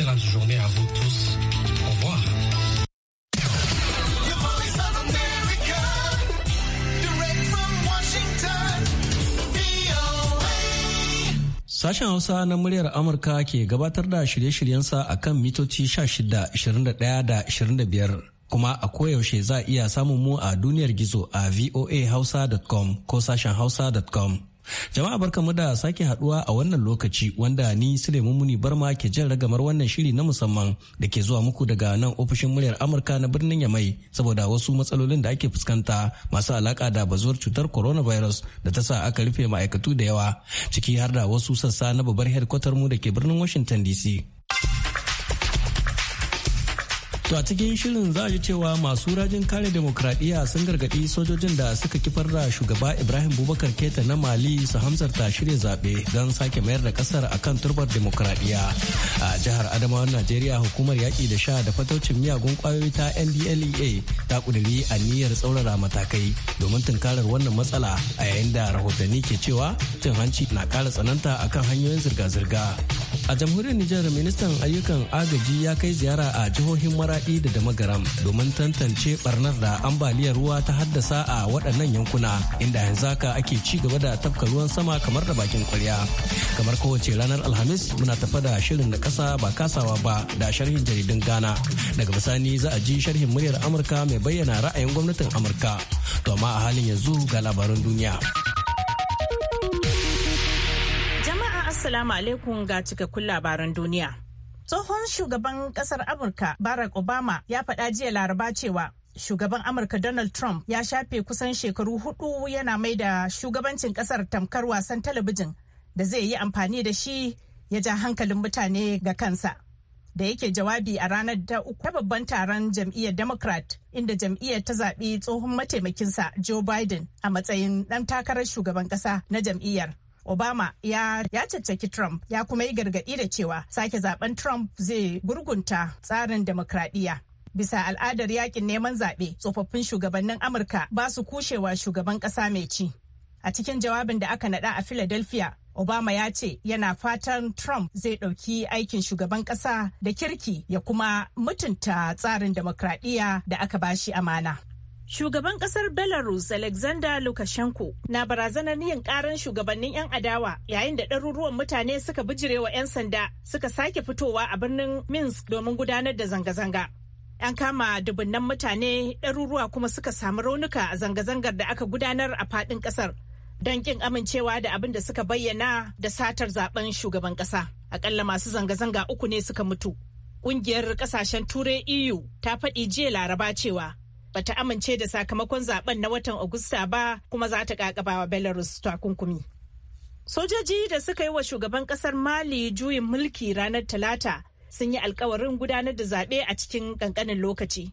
excellente journée à vous tous. Au revoir. Sashen Hausa na muryar Amurka ke gabatar da shirye-shiryensa a kan mitoci 16, 21 da 25 kuma a koyaushe za a iya samun mu a duniyar gizo a voahausa.com ko sashen hausa.com. Jama'a barkamu da sake haduwa a wannan lokaci wanda ni Suleiman Muni Barma ke jin ragamar wannan shiri na musamman da ke zuwa muku daga nan ofishin muryar Amurka na birnin Yamai saboda wasu matsalolin da ake fuskanta masu alaka da bazuwar cutar coronavirus da ta sa aka rufe ma'aikatu da yawa ciki har da wasu sassa na babbar headquarter mu da ke birnin Washington DC. To a cikin shirin za a ji cewa masu rajin kare demokradiyya sun gargaɗi sojojin da suka kifar da shugaba Ibrahim Bubakar Keta na Mali su hamsarta shirya zaɓe don sake mayar da ƙasar kan turbar demokradiyya. A jihar Adamawa Najeriya hukumar yaƙi da sha da fataucin miyagun ƙwayoyi ta NDLEA ta ƙudiri niyyar tsaurara matakai domin tunkarar wannan matsala a yayin da rahotanni ke cewa cin hanci na ƙara tsananta akan hanyoyin zirga-zirga. A jamhuriyar Nijar ministan ayyukan agaji ya kai ziyara a jihohin maraɗi da Damagaram domin tantance barnar da ambaliyar ruwa ta haddasa a waɗannan yankuna inda yanzu haka ake ci gaba da tafka ruwan sama kamar da bakin kwarya. Kamar kowace ranar Alhamis muna tafa da shirin da ƙasa ba kasawa ba da sharhin jaridun Ghana. Daga bisani za a ji sharhin muryar Amurka mai bayyana ra'ayin gwamnatin Amurka. To amma a halin yanzu ga labaran duniya. Assalamu alaikum ga cikakkun labaran duniya. Tsohon shugaban kasar Amurka Barack Obama ya faɗa jiya laraba cewa shugaban Amurka Donald Trump ya shafe kusan shekaru hudu yana mai da shugabancin kasar tamkar wasan talabijin da zai yi amfani da shi ya ja hankalin mutane ga kansa. Da yake jawabi a ranar ta uku ta babban taron jam'iyyar Democrat inda jam'iyyar ta zaɓi tsohon mataimakinsa Joe Biden a matsayin ɗan takarar shugaban ƙasa na jam'iyyar. Obama ya ya caccaki Trump ya kuma yi gargaɗi da cewa sake zaben Trump zai gurgunta tsarin demokradiyya. Bisa al'adar yakin neman zaɓe tsofaffin shugabannin Amurka ba su kushewa shugaban ƙasa mai ci. A cikin jawabin da aka naɗa a Philadelphia, Obama ya ce yana fatan Trump zai ɗauki aikin shugaban ƙasa da kirki ya kuma mutunta tsarin demokradiyya da aka bashi amana. Shugaban kasar Belarus Alexander Lukashenko na barazanar yin karan shugabannin 'yan adawa yayin da ɗaruruwan mutane suka bijirewa 'yan sanda suka sake fitowa a birnin Minsk domin gudanar da zanga-zanga. An kama dubunnan mutane ɗaruruwa kuma suka samu raunuka a zanga-zangar da aka gudanar a faɗin ƙasar don ƙin amincewa da abin da suka bayyana da satar zaben shugaban ƙasa. Akalla masu zanga-zanga uku ne suka mutu. Ƙungiyar ƙasashen Turai EU ta faɗi jiya Laraba cewa Ba ta amince da sakamakon zaben na watan Agusta ba kuma za ta kakaba wa Belarus takunkumi. Sojoji da suka yi wa shugaban kasar Mali juyin mulki ranar Talata sun yi alkawarin gudanar da zaɓe a cikin ƙanƙanin lokaci.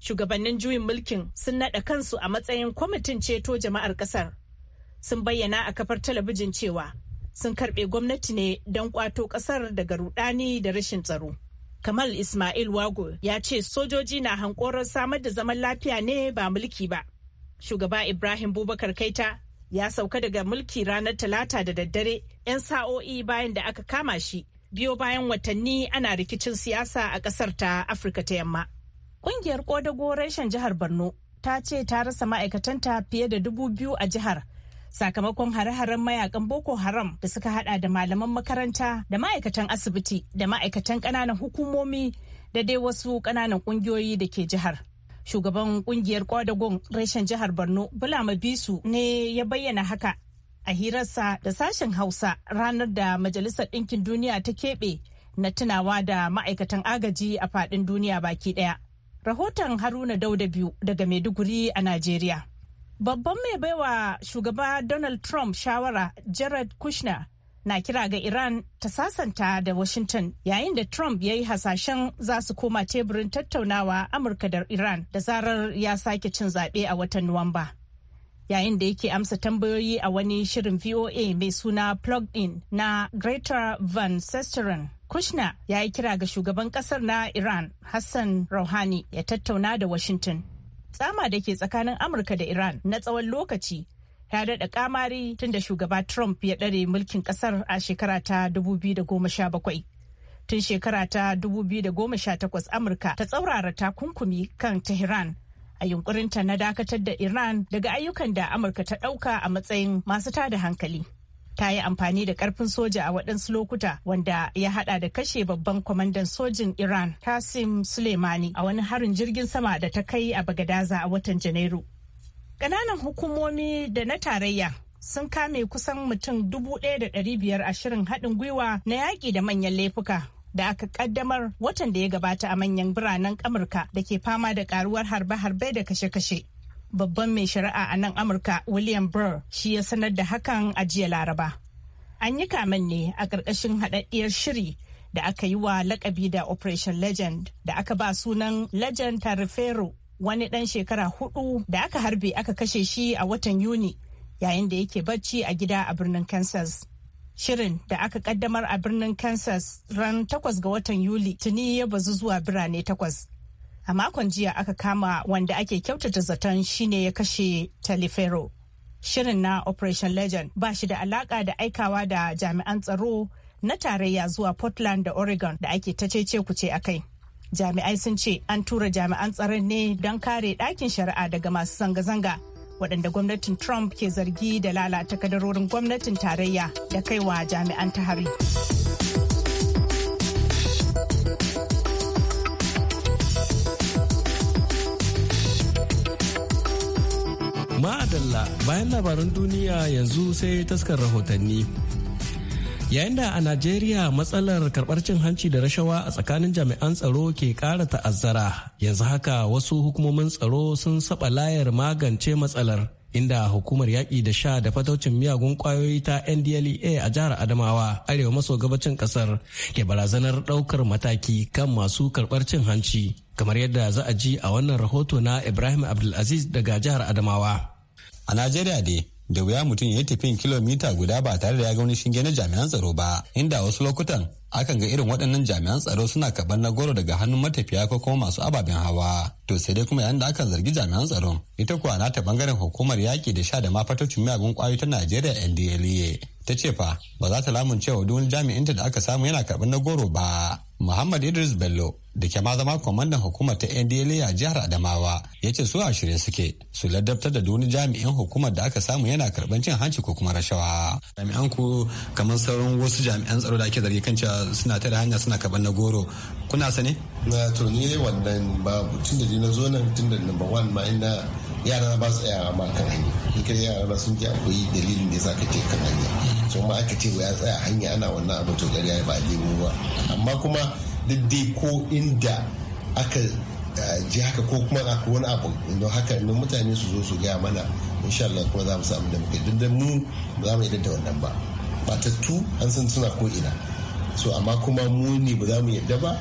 Shugabannin juyin mulkin sun naɗa kansu a matsayin kwamitin ceto jama'ar ƙasar. Sun bayyana a kafar talabijin cewa sun karɓe gwamnati ne don ƙwato ƙasar daga rudani da rashin tsaro. Kamal Ismail Wago ya ce sojoji na hankoron samar da zaman lafiya ne ba mulki ba. Shugaba Ibrahim Bubakar Kaita ya sauka daga mulki ranar Talata da daddare 'yan sa'o'i bayan da aka kama shi biyo bayan watanni ana rikicin siyasa a ƙasar ta Afirka ta Yamma. Ƙungiyar Ƙodago reshen jihar Borno ta ce ta rasa ma'aikatanta fiye da dubu biyu a jihar sakamakon hare-haren mayakan Boko Haram da suka hada da malaman makaranta da ma'aikatan asibiti da ma'aikatan ƙananan hukumomi da dai wasu ƙananan ƙungiyoyi da ke jihar. Shugaban ƙungiyar Kwadagon reshen jihar Borno Bulama Bisu ne ya bayyana haka a hirarsa da sashen Hausa ranar da Majalisar Ɗinkin Duniya ta keɓe na tunawa da ma'aikatan agaji a faɗin duniya baki ɗaya. Rahoton Haruna Dauda biyu daga Maiduguri a Najeriya. Babban mai baiwa shugaba Donald Trump shawara Jared Kushner na kira ga Iran ta sasanta da Washington yayin da Trump ya yi hasashen za su koma teburin tattaunawa Amurka da Iran da zarar ya sake cin zaɓe a watan Nuwamba. Yayin da yake amsa tambayoyi a wani shirin VOA mai suna Plug In na Greater Van Sesteren. Kushner ya yi kira ga shugaban kasar na Iran Hassan Rouhani ya tattauna da Washington tsama da ke tsakanin amurka da iran na tsawon lokaci ya daɗa kamari tun da shugaba trump ya ɗare mulkin ƙasar a shekara ta 2017 tun shekara ta 2018 amurka ta tsaurara takunkumi kan tehran a yunkurinta na dakatar da iran daga ayyukan da amurka ta ɗauka a matsayin masu tada hankali ta yi amfani da karfin soja a waɗansu lokuta wanda ya hada da kashe babban kwamandan sojin iran kasim suleimani a wani harin jirgin sama da ta kai a bagadaza a watan janairu ƙananan hukumomi da na tarayya sun kame kusan mutum dubu biyar a shirin haɗin gwiwa na yaƙi da manyan laifuka da aka ƙaddamar watan da ya gabata a manyan biranen amurka da ke fama da karuwar harbe-harbe da kashe-kashe babban mai shari'a a nan amurka william burr shi ya sanar da hakan a jiya laraba an yi kamen ne a ƙarƙashin haɗaɗɗiyar shiri da aka yi wa lakabi da operation legend da aka ba sunan legend tarifero wani ɗan shekara hudu da aka harbe aka kashe shi a watan yuni yayin da yake bacci a gida a birnin kansas shirin da aka kaddamar a birnin kansas ran takwas ga watan yuli tuni ya bazu zuwa birane takwas a makon jiya aka kama wanda ake kyautata zaton shine ya kashe talifero shirin na operation legend ba shi da alaka da aikawa da jami'an tsaro na tarayya zuwa portland da oregon da ake ta cece kuce a kai jami'ai sun ce an tura jami'an tsaron ne don kare ɗakin shari'a daga masu zanga-zanga waɗanda gwamnatin trump ke zargi da lalata kadarorin gwamnatin tarayya da kaiwa jami'an ta hari. Ma'adalla bayan labaran duniya yanzu sai taskar rahotanni. Yayin da a Najeriya matsalar karɓar cin hanci da rashawa a tsakanin jami'an tsaro ke ƙara ta'azzara, yanzu haka wasu hukumomin tsaro sun saba layar magance matsalar. inda hukumar yaƙi da sha da fataucin miyagun kwayoyi ta ndlea a jihar adamawa arewa maso gabacin ƙasar ke barazanar ɗaukar mataki kan masu karɓar cin hanci kamar yadda za a ji a wannan rahoto na ibrahim abdulaziz daga jihar adamawa a najeriya dai da wuya mutum ya yi tafiyan kilomita guda ba tare da ya ga wani shinge na jami'an tsaro ba inda wasu lokutan akan ga irin waɗannan jami'an tsaro suna karɓar na goro daga hannun matafiya ko kuma masu ababen hawa to sai dai kuma yayin da akan zargi jami'an tsaron ita kuwa ta bangaren hukumar yaƙi da sha da fatocin miyagun ƙwayoyi ta najeriya ndla ta ce fa ba za ta cewa wa wani jami'inta da aka samu yana karɓar na goro ba muhammad idris bello da ke ma zama kwamandan hukumar ta ndla a jihar adamawa ya ce su a shirye suke su ladabtar da wani jami'in hukumar da aka samu yana karɓar cin hanci ko kuma rashawa jami'an ku kamar sauran wasu jami'an tsaro da ake zargi kan cewa suna tare hanya suna karɓar na goro kuna sani na to ni wannan ba tun da na zo nan tun da number one ma ina yara ba su yara ma kan hanya kai yara ba sun ji akwai dalilin da ya sa ka ce kan hanya kuma aka ce ya tsaya hanya ana wannan abin to ya ba a nemo ba amma kuma duk dai ko inda aka eh, ji haka ko kuma aka wani abu don haka idan mutane su zo su gaya mana insha Allah kuma za mu samu da muke duk mu za mu yadda da wannan ba batattu an san suna ko ina so amma kuma mu ne ba za mu yadda ba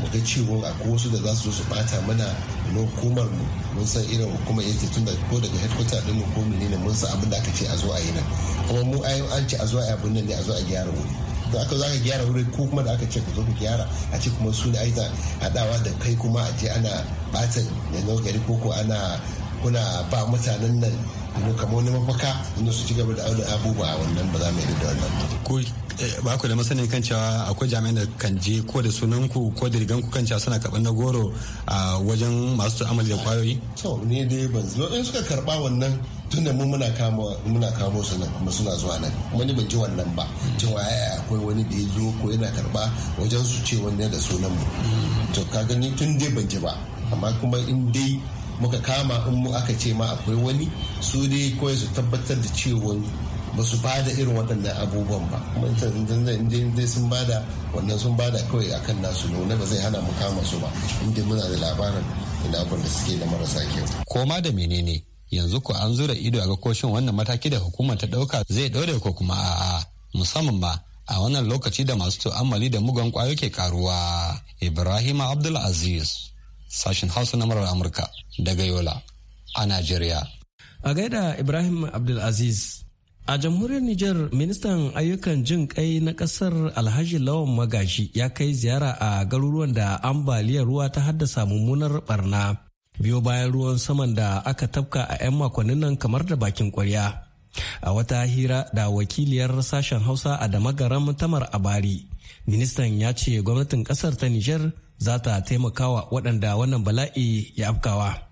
mu ga cewa akwai wasu da za su zo su bata mana na hukumar mu mun san irin hukuma yake tun da ko daga headquarter din mu ko ne mun san abin da aka ce a zo a yi nan kuma mu an ce a zo a yi nan ne a zo a gyara wuri to aka za ka gyara wuri ko kuma da aka ce ku zo ku gyara a ce kuma su ne da hadawa da kai kuma a je ana bata no gari ko ko ana kuna ba mutanen nan kamar wani mafaka inda su ci gaba da abubuwa abubuwa wannan ba za mu yi da wannan. Eh, ba ku da masanin kan cewa akwai jami'an da kan je ko da sunan ku ko da rigan kan cewa suna karɓar na goro a wajen masu ta'amali da kwayoyi to ni dai ban zo in suka karɓa wannan tunda mu muna kamo muna kamo su nan kuma suna zuwa nan wani ban ji wannan ba cewa yaya akwai wani da ya zo ko yana karɓa wajen su ce wani da sunan mu to ka gani tun dai ban ji ba amma kuma in dai muka kama in mu aka ce ma akwai wani su dai kawai su tabbatar da cewa ba su ba da irin waɗannan abubuwan ba in dai sun ba da wannan sun ba da kawai kan nasu ne wanda ba zai hana mu kama su ba inda muna da labarin ina abin da suke da marasa kyau. koma da menene yanzu ko an zura ido a ga koshin wannan mataki da hukumar ta ɗauka zai ɗaure ko kuma a'a musamman ba a wannan lokaci da masu tu'ammali da mugan kwayo ke karuwa ibrahim abdul aziz sashen hausa na murar amurka daga yola a najeriya a gaida ibrahim abdul aziz A jamhuriyar Nijar, ministan ayyukan jin kai na kasar Alhaji Lawan Magashi ya kai ziyara a garuruwan da ambaliyar ruwa ta haddasa mummunar barna. Biyo bayan ruwan saman da aka tafka a 'yan makonnin nan kamar da bakin kwarya. A wata hira da wakiliyar sashen Hausa a Damagaram Tamar a bari ministan ya ce gwamnatin kasar ta Nijar za ta taimakawa waɗanda wannan bala'i ya afkawa.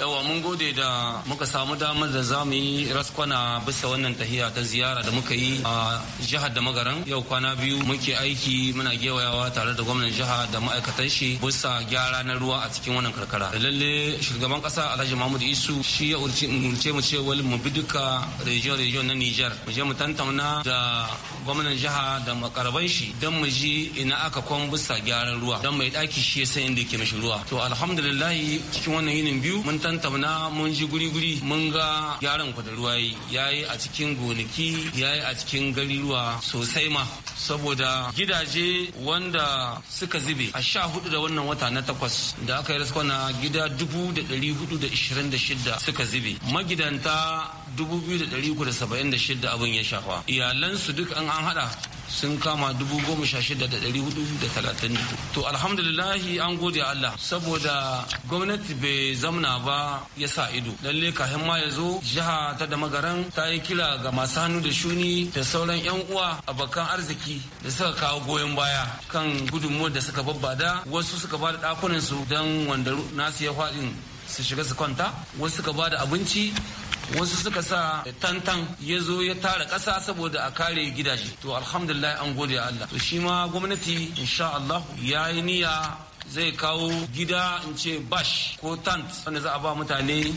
yawa mun gode da muka samu damar da zamu yi raskwana bisa wannan tahiya ta ziyara da muka yi a jihar da magaran yau kwana biyu muke aiki muna gewayawa tare da gwamnan jiha da ma'aikatan shi bisa gyara na ruwa a cikin wannan karkara da lalle shugaban kasa alhaji mahmud isu shi ya urce mu cewa mu bi duka region region na niger mu je mu tantauna da gwamnan jiha da makarabai shi don mu ji ina aka kwan bisa gyaran ruwa don mai daki shi ya san inda yake mishi ruwa to alhamdulillah cikin wannan yinin biyu mun tauna mun ji guri-guri mun ga gyaran ku da ruwa ya yi a cikin gonaki ya yi a cikin gariruwa sosai ma saboda gidaje wanda suka zube a sha hudu da wannan wata na takwas da aka yi raskwana gida dubu da dari hudu da ishirin da shida suka zube magidanta dubu biyu da da dari shidda abin ya shafa iyalansu duk an an hada sun kama dubu goma sha shida da dari hudu da talatin to alhamdulillahi an gode Allah saboda gwamnati bai zamna ba ya sa ido lalle kahin ma ya zo jiha ta da magaran ta yi kira ga masu hannu da shuni da sauran yan uwa a bakan arziki da suka kawo goyon baya kan gudunmuwar da suka babbada wasu suka ba da ɗakunan su don wanda nasu ya faɗin su shiga su kwanta wasu suka ba da abinci wasu suka sa tantan ya zo ya tara ƙasa saboda a kare gidaje to alhamdulillah an gode Allah to shi ma gwamnati insha Allah ya yi niyya zai kawo gida in ce bash ko tant wanda za a ba mutane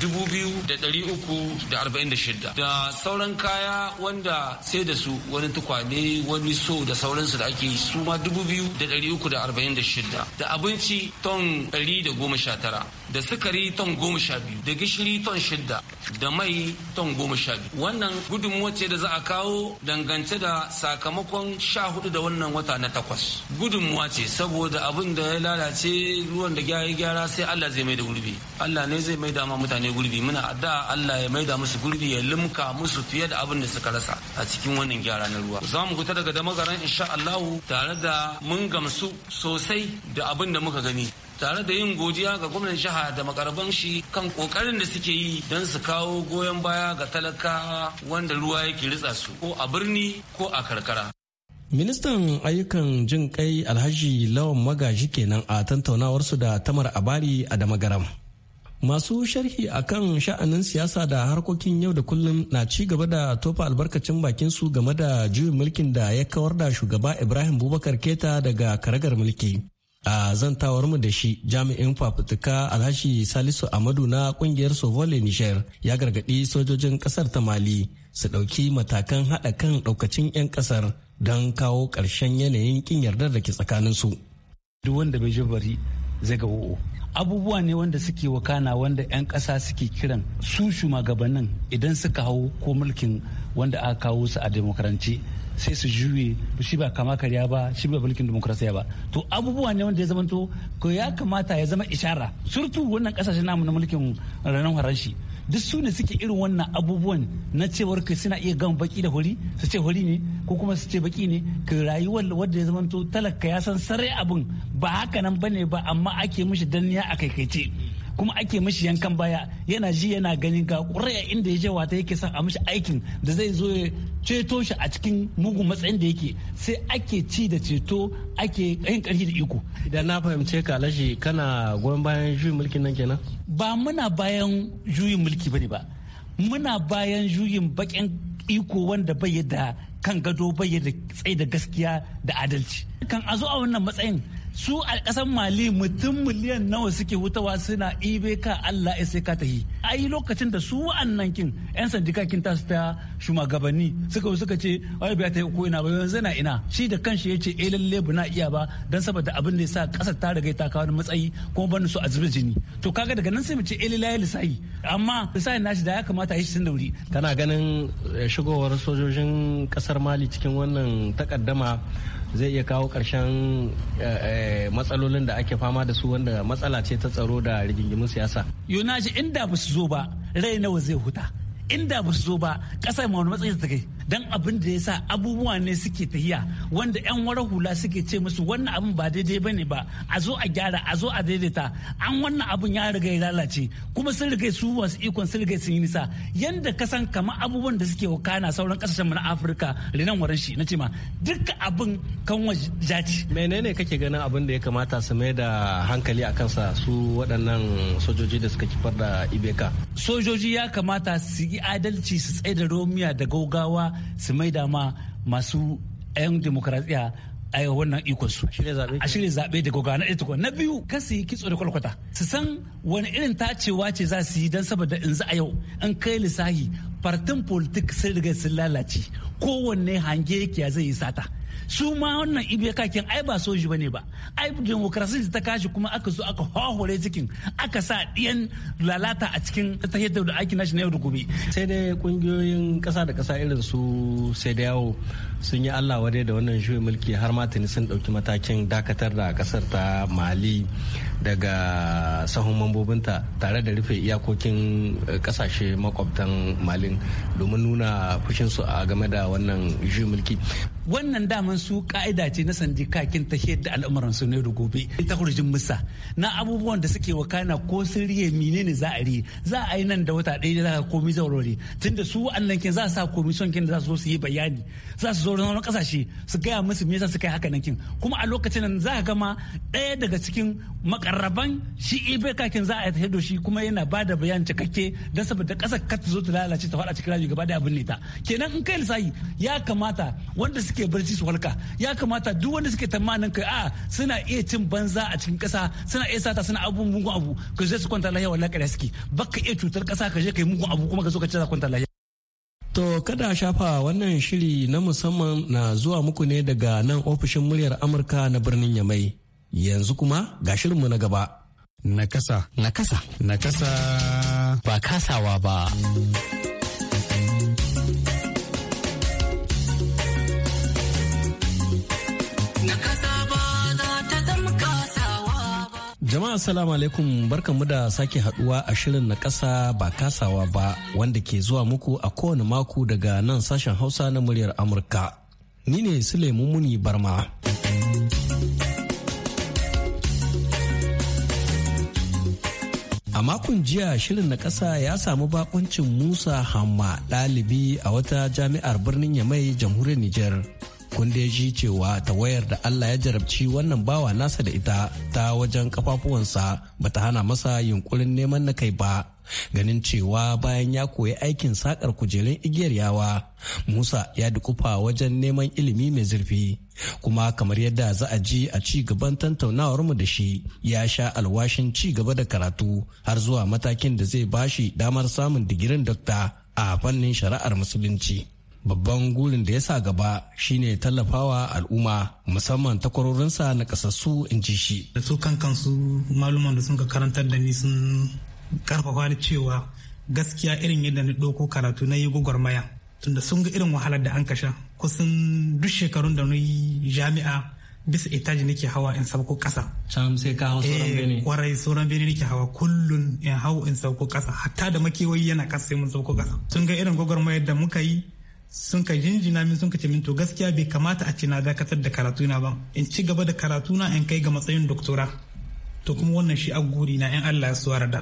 dubu biyu da ɗari uku da arba'in da shida da sauran kaya wanda sai da su wani tukwane wani so da sauransu da ake su ma dubu biyu da ɗari uku da arba'in da shida da abinci ton ɗari da goma sha tara da sukari ton goma sha biyu da gishiri ton shida da mai ton goma sha biyu wannan gudunmuwa ce da za a kawo dangance da sakamakon sha hudu da wannan wata na takwas gudunmuwa ce saboda abin da zai lalace ruwan da ya gyara sai Allah zai mai da gurbi Allah ne zai mai da ma mutane gurbi muna adda Allah ya mai da musu gurbi ya limka musu fiye da abin da suka rasa a cikin wannan gyara na ruwa za mu fita daga damagaran insha Allah tare da mun gamsu sosai da abin da muka gani tare da yin godiya ga gwamnan jiha da makarban shi kan kokarin da suke yi don su kawo goyon baya ga talaka wanda ruwa yake ritsa su ko a birni ko a karkara Ministan ayyukan jin kai Alhaji Lawan Magaji kenan a tantaunawarsu da Tamar Abari a Damagaram. Masu sharhi a kan sha'anin siyasa da harkokin yau da kullum na ci gaba da tofa albarkacin bakinsu game da juyin mulkin da ya kawar da shugaba Ibrahim Bubakar Keta daga karagar mulki. a zantawar mu da shi jami'in fafutuka alhashi salisu amadu na kungiyar sovole niger ya gargadi sojojin kasar ta mali su dauki matakan hada kan daukacin 'yan kasar don kawo karshen yanayin kin yardar da ke tsakaninsu duk wanda bai bari zai ga wo'o abubuwa ne wanda suke wakana wanda 'yan kasa suke kiran su shugabannin idan suka hau ko mulkin wanda aka kawo su a demokaranci sai su juye shi ba kama karya ba shi ba mulkin demokrasiya ba to abubuwa ne wanda ya zama to ko ya kamata ya zama ishara surtu wannan kasashen namu na mulkin ranar harashi duk su ne suke irin wannan abubuwan na cewar kai suna iya gan baki da hori su ce hori ne ko kuma su ce baki ne ka rayuwar wadda ya zama to talaka ya san sarai abin ba haka nan bane ba amma ake mishi danniya a kaikaice kuma ake mishi yankan baya yana ji yana ganin ga ƙuri'a inda ya je wata yake son a mishi aikin da zai zo ya ceto shi a cikin mugun matsayin da yake sai ake ci da ceto ake yin ƙarfi da iko idan na fahimce ka lashi kana goyon bayan juyin mulkin nan kenan ba muna bayan juyin mulki bane ba muna bayan juyin bakin iko wanda bai yadda kan gado bai yadda tsaye da gaskiya da adalci kan a zo a wannan matsayin su a ƙasar mali mutum miliyan nawa suke hutawa suna ibe ka allah ya sai ka tahi ai lokacin da su wa'annan kin yan sandika kin tasu ta shugabanni suka suka ce ai bai ta ko ina ba yanzu na ina shi da kanshi ya ce eh lalle na iya ba dan saboda abin da ya sa ƙasar ta riga ta kawo matsayi kuma ban su a zuba jini to kaga daga nan sai mu ce eh amma lisai nashi da ya kamata yi shi sun da wuri kana ganin eh, shigowar sojojin kasar mali cikin wannan takaddama zai iya kawo ƙarshen eh, eh, matsalolin da ake fama da su wanda matsala ce ta tsaro da rigingimin siyasa. Yunaji inda ba su zo ba rai nawa zai huta inda ba su zo ba ƙasar ma wani matsayin ta kai dan abin da ya sa abubuwa ne suke tahiya wanda 'yan wara hula suke ce musu wannan abin ba daidai ba ne ba a zo a gyara a zo a daidaita an wannan abin ya riga ya lalace kuma sun riga su masu ikon sun riga sun yi nisa yanda ka san kamar abubuwan da suke wakana sauran kasashen mu na Afirka renan waran shi na ce ma duka abin kan jaci menene kake ganin abin da ya kamata su mai da hankali a kansa su waɗannan sojoji da suka kifar da Ibeka sojoji ya kamata su yi adalci su tsaye da Romiya da gaugawa su da ma masu 'yan demokratiya a wannan ikon su a shirya zaɓe da gogana ita ɗaya na biyu kan su yi kitso da kwalkwata su san wani irin tacewa ce za su yi don saboda in za a yau in kai lissahi partin politik sai daga sun lalace kowanne hange yake zai yi sata su ma wannan ibe kakin ai ba soji bane ba ai demokrasi ta kashi kuma aka so aka hahore cikin aka sa diyan lalata a cikin ta yadda da aiki shi na yau da gobe sai dai kungiyoyin kasa da kasa irin su sai da yawo sun yi allah wadai da wannan juyin mulki har ma tuni sun dauki matakin dakatar da kasar ta mali daga sahun mambobinta tare da rufe iyakokin kasashe eh, makwabtan malin domin nuna fushinsu a game da wannan juyin mulki wannan daman su ka'ida ce na sandikakin ta da al'amuran su ne da gobe ta kurjin musa na abubuwan da suke wakana ko sun riye menene za a riye za a yi nan da wata ɗaya za a komi zaurori tunda su wa'annan kin za su sa komishin kin da za su yi bayani za su sauran kasashe su gaya musu me yasa suka yi hakanan kin kuma a lokacin nan za ka gama ɗaya daga cikin makarraban shi ibe kakin za a yi da shi kuma yana ba da bayan cikakke don saboda ƙasa ka zo ta lalace ta faɗa cikin rayu gaba da abin ne ta kenan in kai lissafi ya kamata wanda suke barci su halka ya kamata duk wanda suke tamanin kai a suna iya cin banza a cikin ƙasa suna iya sata suna abubuwan mugun abu ka je su kwanta lahiya wallahi ƙarya suke baka iya cutar ƙasa ka je yi mugun abu kuma ka zo ka ce za kwanta lahiya To kada shafa wannan shiri na musamman na zuwa muku ne daga nan ofishin muryar Amurka na birnin Yamai. Yanzu kuma ga shirinmu na gaba. Nakasa. Nakasa. Nakasa. Ba kasawa ba. Jama'a salamu alaikum mu da sake haduwa a shirin na kasa ba kasawa ba wanda ke zuwa muku a kowane mako daga nan sashen Hausa na muryar Amurka. Ni ne sulaimu Muni Barma. A makon jiya shirin na kasa ya samu bakoncin Musa Hamma ɗalibi a wata jami'ar birnin Yamai jamhuriyar Nijar. kun da ji cewa tawayar da Allah ya jarabci wannan bawa nasa da ita ta wajen kafafuwansa ba ta hana masa yunkurin neman na kai ba ganin cewa bayan ya koyi aikin sakar kujerun igiyar yawa musa ya dukufa wajen neman ilimi mai zurfi kuma kamar yadda za a ji a ci gaban tantaunawar mu da shi ya sha alwashin ci gaba da karatu har zuwa matakin da zai bashi damar samun digirin dokta a fannin shari'ar musulunci babban gurin da ya sa gaba shine tallafawa al'umma musamman takwarorinsa na kasassu in ji shi da su kan kansu maluman da sun ka karantar da ni sun karfafa da cewa gaskiya irin yadda ni ɗauko karatu na yi gwagwarmaya tunda sun ga irin wahalar da an kasha kusan duk shekarun da na jami'a bisa itaji nake hawa in sauko kasa. Can sai ka hau sauran eh, bene. Kwarai sauran bene nake hawa kullun in hau in sauko kasa hatta da makewayi yana kasa sai mun sauko kasa. sun ga irin gwagwarmayar da muka yi sun ka jinjina min sun ka ce min to gaskiya bai kamata a ce na dakatar da karatuna ba in ci gaba da karatuna in kai ga matsayin doktora to kuma wannan shi guri na in Allah su da.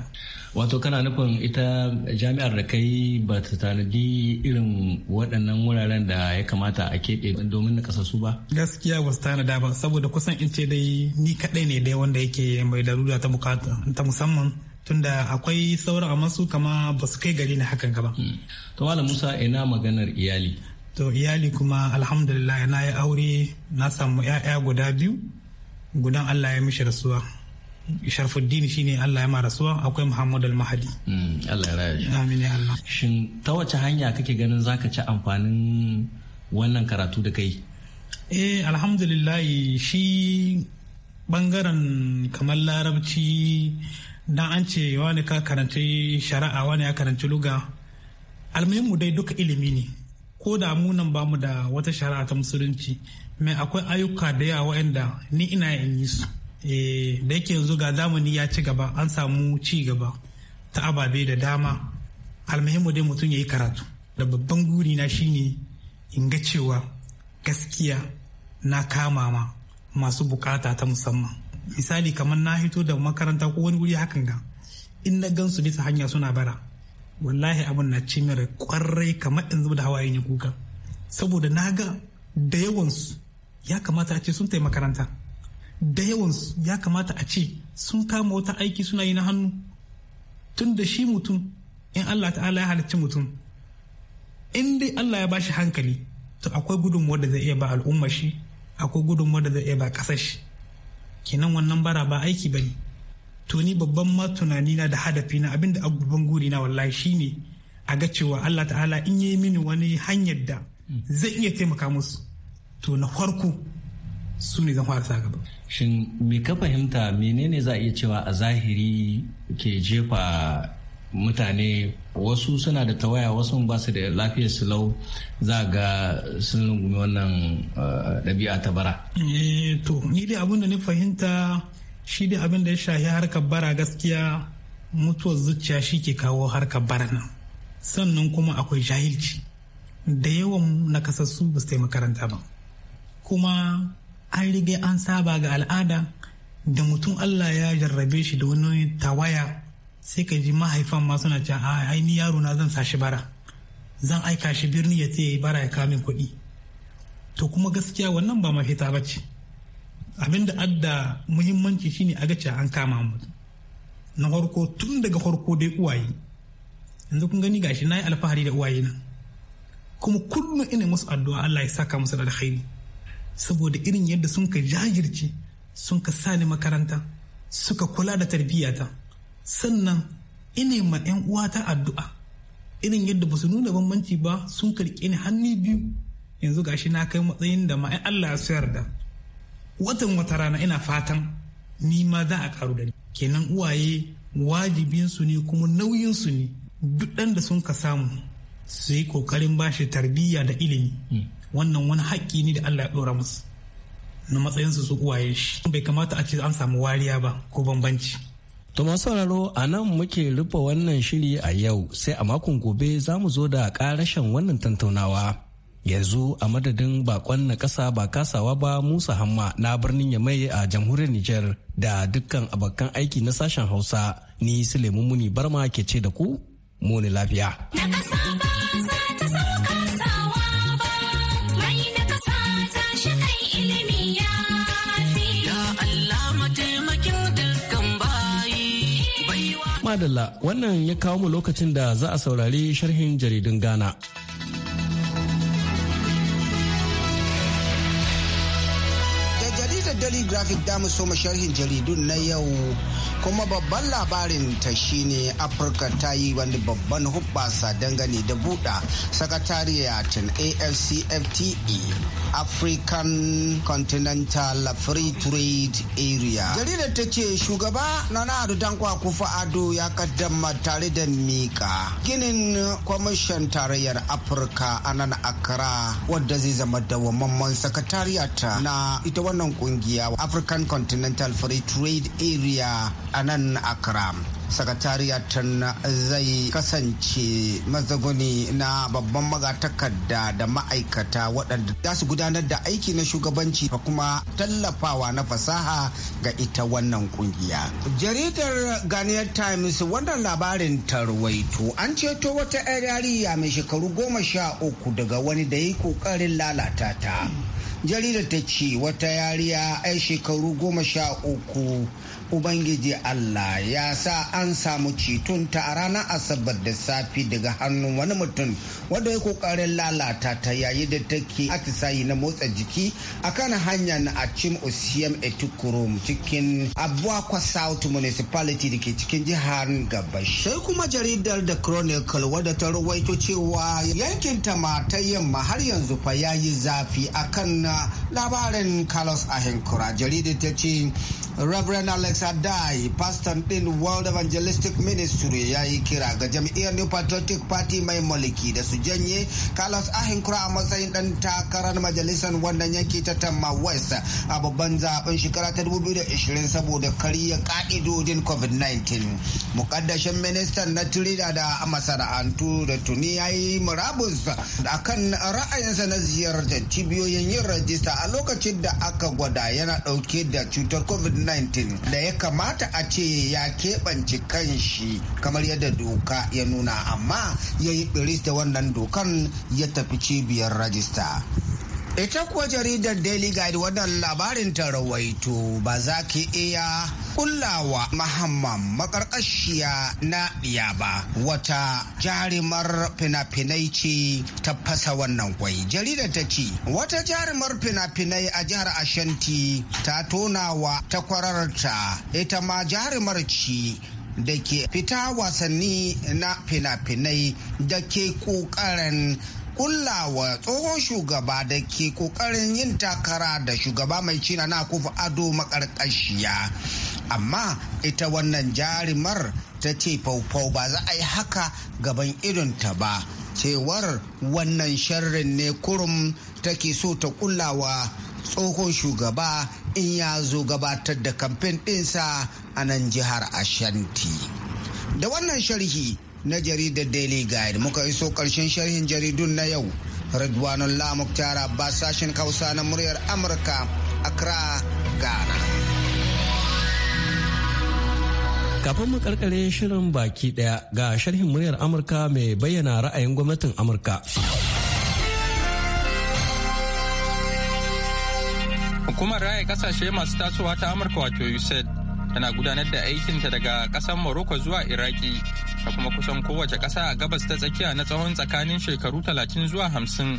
Wato kana nufin ita jami'ar da kai ba ta tanadi irin waɗannan wuraren da ya kamata a keɓe domin na ƙasasu ba? Gaskiya ba su tanada ba saboda kusan in ce dai ni kaɗai ne dai wanda yake mai darura ta bukata ta musamman tunda akwai sauran amma su kama ba su kai gari na hakan gaba. Hmm. to malam musa ina maganar iyali to iyali kuma alhamdulillah na yi aure na samu 'ya'ya guda biyu gudan allah ya mishi rasuwa sharfuddin ne Allah ya mara suwa akwai Muhammad al-Mahdi. Hmm, allah ya raya Amin ya Allah. Shin ta wace hanya kake ganin zaka ci amfanin wannan karatu da kai? Eh alhamdulillah shi bangaren kamar larabci dan an ce wani ka karanci shari'a wani ya karanci luga mu dai duka ilimi ne ko da mu nan bamu da wata shari'a ta musulunci mai akwai ayyuka da yawa waɗanda ni ina yin yi su eh, da yake yanzu ga zamani ya ci gaba an samu ci gaba ta ababe da dama mu dai mutum ya yi karatu da babban guri na shine in ga cewa gaskiya na kama ma masu bukata ta musamman misali kamar na hito da makaranta ko wani wuri hakan ga in na gan su bisa hanya suna bara wallahi abin na ci mara kwarai kamar in zuba da hawa ya kuka saboda na ga da yawansu ya kamata a ce sun tai makaranta da yawansu ya kamata a ce sun kama wata aiki suna yi na hannu tun da shi mutum in Allah ta'ala ya halicci mutum in dai Allah ya bashi hankali to akwai gudunmuwar da zai iya ba al'ummar shi akwai gudunmuwar da zai iya ba kasashe. kenan wannan bara ba aiki bane to ni babban ma tunani na da hadafi na abin da abubuwan guri na wallahi shine a ga cewa Allah ta'ala in yi mini wani hanyar da zai iya taimaka musu to na farko su ne zan fara sa gaba shin me ka fahimta menene za a iya cewa a zahiri ke jefa mutane wasu suna da tawaya wasu ba su da lafiyar silau za za ga sun rungumi wannan eh, ɗabi'a ta bara. Eh, to ni dai abin da ni fahimta shi dai abin da ya shahi harkar bara gaskiya mutuwar zuciya shi ke kawo harkar bara nan sannan kuma akwai jahilci da yawan nakasassu ba su makaranta ba kuma an riga an saba ga al'ada da mutum allah ya jarrabe shi da wani tawaya sai ka ji mahaifan ma suna can a ni yaro na zan sashi bara zan aika shi birni ya ce bara ya kamin kuɗi to kuma gaskiya wannan ba mafita ba ce abin da adda muhimmanci shine a gace an kama mu na farko tun daga farko dai uwaye yanzu kun gani gashi na yi alfahari da uwaye na kuma kullum ina musu addu'a Allah ya saka musu da alkhairi saboda irin yadda sun ka jajirce sun ka sani makaranta suka kula da tarbiyyata sannan ina ma 'yan uwata addu'a irin yadda ba su nuna bambanci ba sun karki ni hannu biyu yanzu gashi na kai matsayin da ma'ai Allah ya sayar da watan wata rana ina fatan ni ma za a karu da ni kenan uwaye wajibinsu ne kuma nauyinsu ne duk ɗan da sun ka samu su yi kokarin ba shi tarbiyya da ilimi hmm. wannan wani haƙƙi ne da Allah ya ɗora musu na matsayinsu su uwaye shi bai kamata a ce an samu wariya ba ko bambanci To masu sauraro a nan muke rufe wannan shiri a yau sai a makon gobe za mu zo da karashen wannan tantaunawa. Yanzu a madadin bakon na kasa ba kasawa ba Musa Hamma na birnin Yamai a jamhuriyar Nijar da dukkan abokan aiki na sashen Hausa ni Sulemu Muni Barma ke ce da ku muni lafiya. Ya Allah mataimakin madalla wannan ya kawo mu lokacin da za a saurari sharhin jaridun Ghana. daily graphic mu soma sharhin jaridun na yau kuma babban labarin ta shine afirka ta yi wani babban hubbasa dangane da buɗa sakatariyatin afcfta. E. African Continental Free Trade Area. Jaridar ta ce shugaba na Nadu Dankwa kwakufa Ado ya kaddama tare da mika ginin kwamishin tarayyar Afirka a nan Accra wadda zai zama dawamamman sakatariyata na ita wannan kungiya African Continental Free Trade Area a nan Accra. Sakatariya na zai kasance mazaguni na babban magatakarda da ma'aikata waɗanda za su gudanar da aiki na shugabanci da kuma tallafawa na fasaha ga ita wannan kungiya. jaridar ghanaian times wannan labarin tarwaito an ceto wata 'yar yariya mai shekaru goma sha uku daga wani da ya yi kokarin lalata ta jaridar ta ce wata yariya 'yan shekaru goma sha uku Ubangiji Allah ya sa an samu citun ta a ranar Asabar da safi daga hannun wani mutum wanda ya kokarin lalata ta yayi da take atisayi na motsa jiki a kan hanya na Achim Osiem Etukurum cikin Abuakwa South Municipality da ke cikin jihar Gabas. Sai kuma jaridar da Chronicle wadda ta rawaito cewa yankin ta ta yamma har yanzu fa yayi zafi akan labarin Carlos Ahenkura. Jaridar ta ce Reverend Alex Adai, pastor ɗin World Evangelistic Ministry ya yi kira ga jam'iyyar New Patriotic Party mai mulki da su janye Carlos Ahinkura a matsayin ɗan takarar majalisar wannan yanki ta Tamma West a babban zaben shekara ta 2020 saboda karya ka'idodin COVID-19. Mukaddashin ministan na Tirida da masana'antu da tuni ya yi murabus a kan ra'ayinsa na ziyartar cibiyoyin yin rajista a lokacin da aka gwada yana ɗauke da cutar COVID-19. da ya kamata a ce ya keɓance shi kamar yadda doka ya nuna amma ya yi da wannan dokan ya tafi cibiyar rajista Ita kuwa jaridar Daily Guide wannan labarin ta rawaito ba za ki iya kullawa mahamman makarkashiya na ɗiya ba wata jarimar fina-finai ce ta fasa wannan kwai. Jaridar ta ce wata jarimar fina-finai a jihar Ashanti ta tona wa kwararta ita ma jarumar ci da ke fita wasanni na fina-finai da ke ƙoƙarin kulla wa tsohon shugaba da ke kokarin yin takara da shugaba mai cina na kufa ado makarƙashiya. amma ita wannan jarimar ta ce faufau ba za a yi haka gaban ta ba cewar wannan sharrin ne kurum take so ta wa tsohon shugaba in ya zo gabatar da kamfen ɗinsa a nan jihar ashanti da wannan sharhi na jaridar daily guide muka iso karshen sharhin jaridun na yau Ridwanul Lamuk Tara ba sashen kausa na muryar Amurka Accra, Ghana. Kafin mu karkare shirin baki daya ga sharhin muryar Amurka mai bayyana ra'ayin gwamnatin Amurka. Hukumar raya kasashe masu tasowa ta Amurka wato USAID tana gudanar da aikinta daga ƙasar Morocco zuwa Iraki ta kuma kusan kowace ƙasa a gabas ta tsakiya na tsawon tsakanin shekaru talatin zuwa hamsin.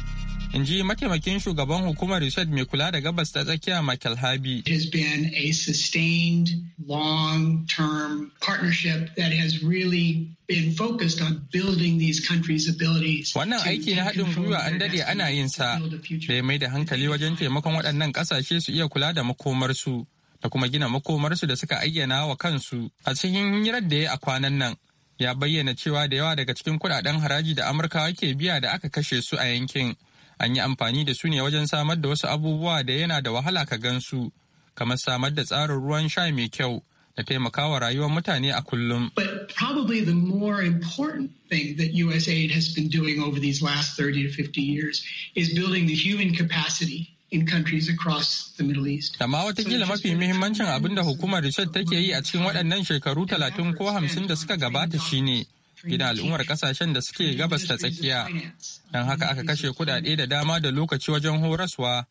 in ji mataimakin shugaban hukumar research mai kula da gabas ta tsakiya Michael Habi. It has been a sustained long-term partnership that has really been focused on building these countries' abilities. Wannan aiki na haɗin gwiwa an dade ana yin sa da ya mai da hankali wajen taimakon waɗannan ƙasashe su iya kula da makomarsu da kuma gina makomarsu da suka ayyana wa kansu a cikin hirar da ya a kwanan nan. ya bayyana cewa da yawa daga cikin kudaden haraji da amurkawa ke biya da aka kashe su a yankin an yi amfani da su ne wajen samar da wasu abubuwa da yana da wahala ka gansu kamar samar da tsarin ruwan sha mai kyau da taimakawa rayuwar mutane a kullum. But probably the more important thing that USAID has been doing over these last 30 to 50 years is building the human capacity in countries across Amma watakila mafi muhimmancin abin da hukumar Richard take yi a cikin waɗannan shekaru talatin ko hamsin da suka gabata shine gina al'ummar ƙasashen da suke gabas ta tsakiya. Don haka aka kashe kuɗaɗe da dama da lokaci wajen horaswa,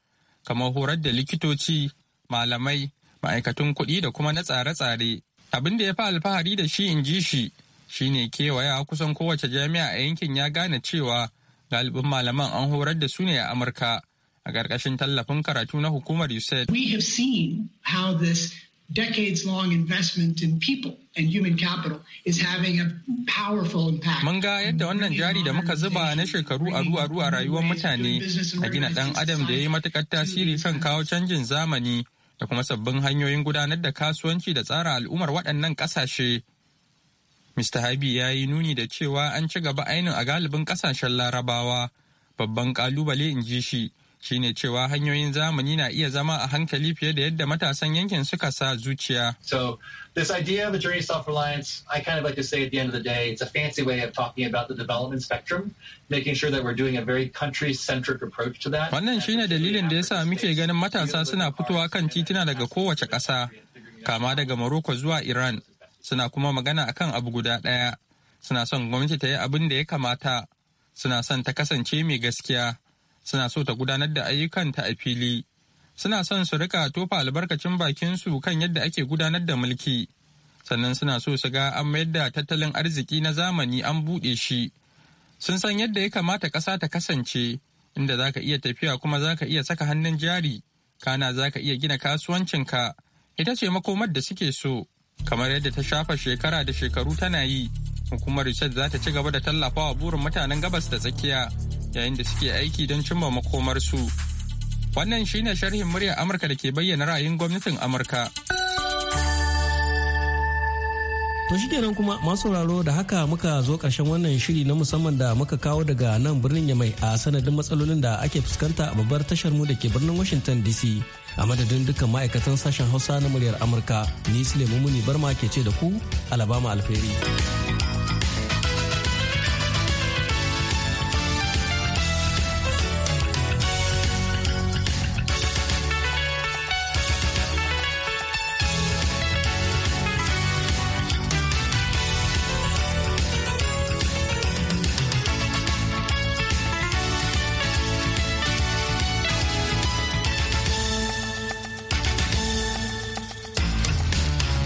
kamar horar da likitoci, malamai, ma'aikatun kuɗi da kuma na tsare-tsare. Abin da ya fi alfahari da shi in ji shi shi shine kewaya kusan kowace jami'a a yankin ya gane cewa galibin malaman an horar da su ne a Amurka. a ƙarƙashin tallafin karatu na hukumar USAID. We have seen how this decades long investment in people and human capital is having a powerful impact. Mun ga yadda wannan jari da muka zuba na shekaru a ruwa a rayuwar mutane a gina ɗan adam da ya yi matuƙar tasiri kan kawo canjin zamani da kuma sabbin hanyoyin gudanar da kasuwanci da tsara al'ummar waɗannan ƙasashe. Mr. Habi ya yi nuni da cewa an ci gaba ainihin a galibin ƙasashen larabawa babban ƙalubale in ji shi shine cewa hanyoyin zamani na iya zama a hankali fiye da yadda matasan yankin suka sa zuciya. So this idea of a journey self-reliance, I kind of like to say at the end of the day, it's a fancy way of talking about the development spectrum, making sure that we're doing a very country-centric approach to that. Wannan shine dalilin da yasa muke ganin matasa suna fitowa kan tituna daga kowace ƙasa, kama daga Morocco zuwa Iran, suna kuma magana akan abu guda ɗaya. Suna son gwamnati ta yi abin da ya kamata, suna son ta kasance mai gaskiya. suna so ta gudanar da ayyukanta a fili suna son su rika tofa albarkacin bakin su kan yadda ake gudanar da mulki sannan suna so su ga an mayar da tattalin arziki na zamani an buɗe shi sun san yadda ya kamata ƙasa ta kasance inda za ka iya tafiya kuma za ka iya saka hannun jari kana za ka iya gina kasuwancinka ita ce makomar da suke so kamar yadda ta shafa shekara da shekaru tana yi hukumar research za ta ci gaba da tallafawa burin mutanen gabas da tsakiya yayin da suke aiki don cimma makomarsu. Wannan shine sharhin muryar Amurka da ke bayyana ra'ayin gwamnatin Amurka. To kenan kuma masu sauraro da haka muka zo karshen wannan shiri na musamman da muka kawo daga nan birnin Yamai a sanadin matsalolin da ake fuskanta a babbar tashar mu da ke birnin Washington DC. A madadin dukkan ma'aikatan sashen Hausa na muryar Amurka, ni Suleiman Muni Barma ke ce da ku, Alabama Alferi.